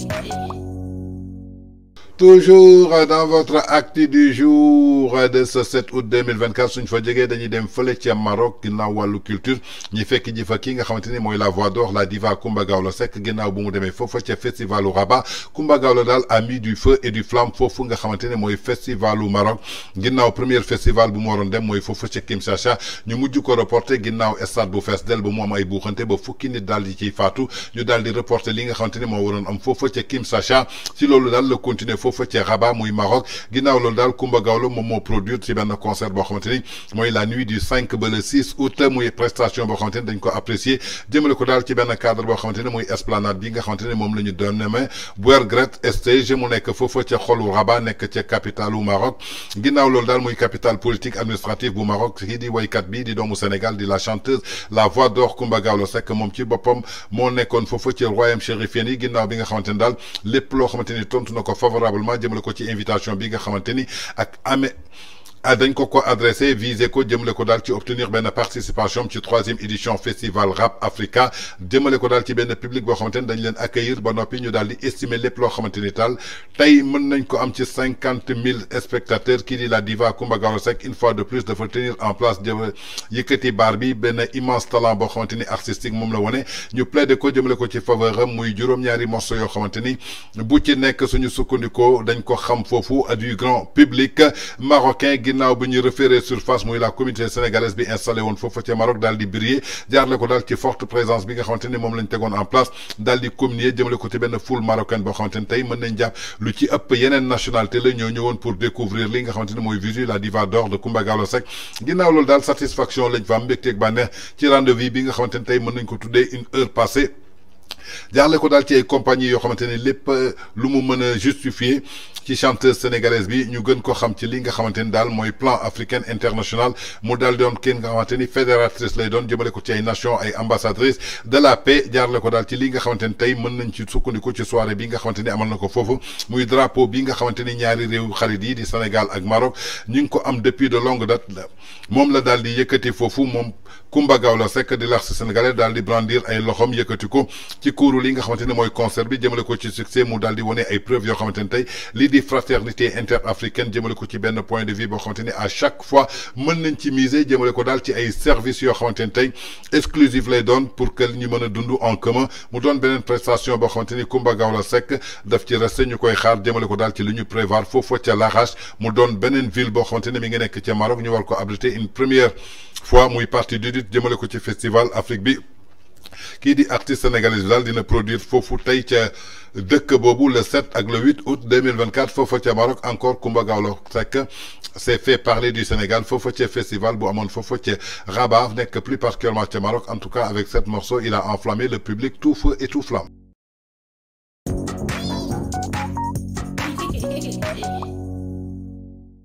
Yeah. toujours dans votre acte du jour de ce 7 août 2024 suñ fa jógee dañuy dem fële ca Maroc ginnaw walu culture ñi fekk ji fa ki nga xamanteni moy la voix d'or la diva kumba Gawlo sek ginnaw bu mu démé fofu ca festivalu Rabat kumba Gawlo dal a mis du feu et du flamme Fofu nga xamanteni moy festival festivalu Maroc ginnaw premier festival bu mo waroon dem fofu foofu Kim Sacha ñu mujj ko reporter ginnaw stade bu fees del ba mu am ay buuxante ba fukki nit daal di ci faatu ñu dal di reporter li nga xamanteni mo moo am fofu Kim Sacha si lolu dal le continuer foofu ci Rabat muy Maroc ginaaw loolu dal kumba Gawlo mom mo produire ci ben concert bo xamanteni moy la nuit du 5 ba le 6 août muy prestation bo xamanteni dañ ko apprécier demel ko dal ci ben cadre bo xamanteni muy esplanade bi nga xamanteni mom lañu la ñu doon nemee Bouergrette Stage mu nekk foofu ca xolu Rabat nekk ca Maroc ginaaw loolu dal muy capitale politique administrative bu Maroc kii di waykat bi di doomu Sénégal di la chanteuse la voix d'or Kumba Gawlo Seck mom ci bopam mo nekkoon foofu ci royaume chérifien yi ginnaaw bi nga xamanteni dal lepp lo xamanteni tontu ko favorable rassemblement jëmale ko ci invitation bi nga xamanteni ak amé ah, dañ ko ko adressé visé ko jëmale ko dal ci obtenir ben participation ci troisième édition festival rap africa jëmale ko dal ci ben public bo xamante dañ leen accueillir ba noppi ñu dal di estimer lepp lo xamante taille tay tey mën nañ ko am ci cinquante mille spectateurs qui di la diva kumba Gallo Seck une fois de plus de tenir en place de yëkkati baar bi immense talent bo xamante artistique mom la wone ñu de ko jëmale ko ci faveur muy juroom ñaari morceau yo xamante bu ci nek suñu sukkandikoo dañ ko xam à du grand public marocain ginnaaw bi ñuy référé surface moy la communauté sénégalaise bi installé woon fofu ci Maroc dal di briller jaarale ko dal ci forte présence bi nga xamante mom moom lañ tegoon en place dal di communier jëmale ko ci ben foule marocaine bo xamante tay tey mën nañ jàpp lu ci ëpp yenen nationalité la ñoo ñëwoon pour découvrir li nga xamante moy mooy visu la diva d'or de Coumba Gawlo Seck ginnaaw lool dal satisfaction lañ fa am mbégteeg bànneex ci rendez-vous bi nga xamante tay tey mën nañ ko tuddé une heure passée jaarle ko dal ci ay compagnie yo xamanteni lepp lépp euh, lu mu justifier ci chanteuse sénégalaise bi ñu gën ko xam ci li nga xamanteni dal moy plan africain international mu daal doon kenn nga xamanteni fédératrice lay doon jëmale ko ci ay nation ay ambassadrice de la paix jaarle ko dal ci li nga xamanteni tay meun nañ ci sukkandiku ci soirée bi nga xamanteni ni amal na ko muy drapeau bi nga xamanteni ñaari réew xarit yi di Sénégal ak Maroc ñu ko am depuis de longue date mom la dal di yëkëti fofu mom kumba gawla sek di l'artiste sénégalais dal di brandir ay loxom yëkëti ko ci kuuru li nga xamanteni moy concert bi jëmale ko ci succès mu daldi woné ay preuves yo xamanteni tay li di fraternité interafricaine jëmale ko ci benn point de vue bo xamanteni à chaque fois mën nañ ci miser jëmale ko dal ci ay services yo xamanteni tay tey exclusive lay doon pour que ñu mëna a en commun mu doon benen prestation bo xamanteni Kumba Gawla Gawlo daf ci resté ñukoy xaar jëmale ko dal ci li ñu prévoir fofu ci Larache mu doon benen ville bo xamanteni mi nga nekk ci Maroc ñu war ko abriter une première fois muy partie du jëmale ko ci festival Afrique bi qui dit artiste sénégalais Zal dina produire que tay le 7 et le 8 août 2024 fofu Maroc encore Kumbagaolo, Gawlo s'est fait parler du Sénégal fofu festival bu amone fofu Rabah Rabat plus particulièrement à Maroc en tout cas avec cette morceau il a enflammé le public tout feu et tout flamme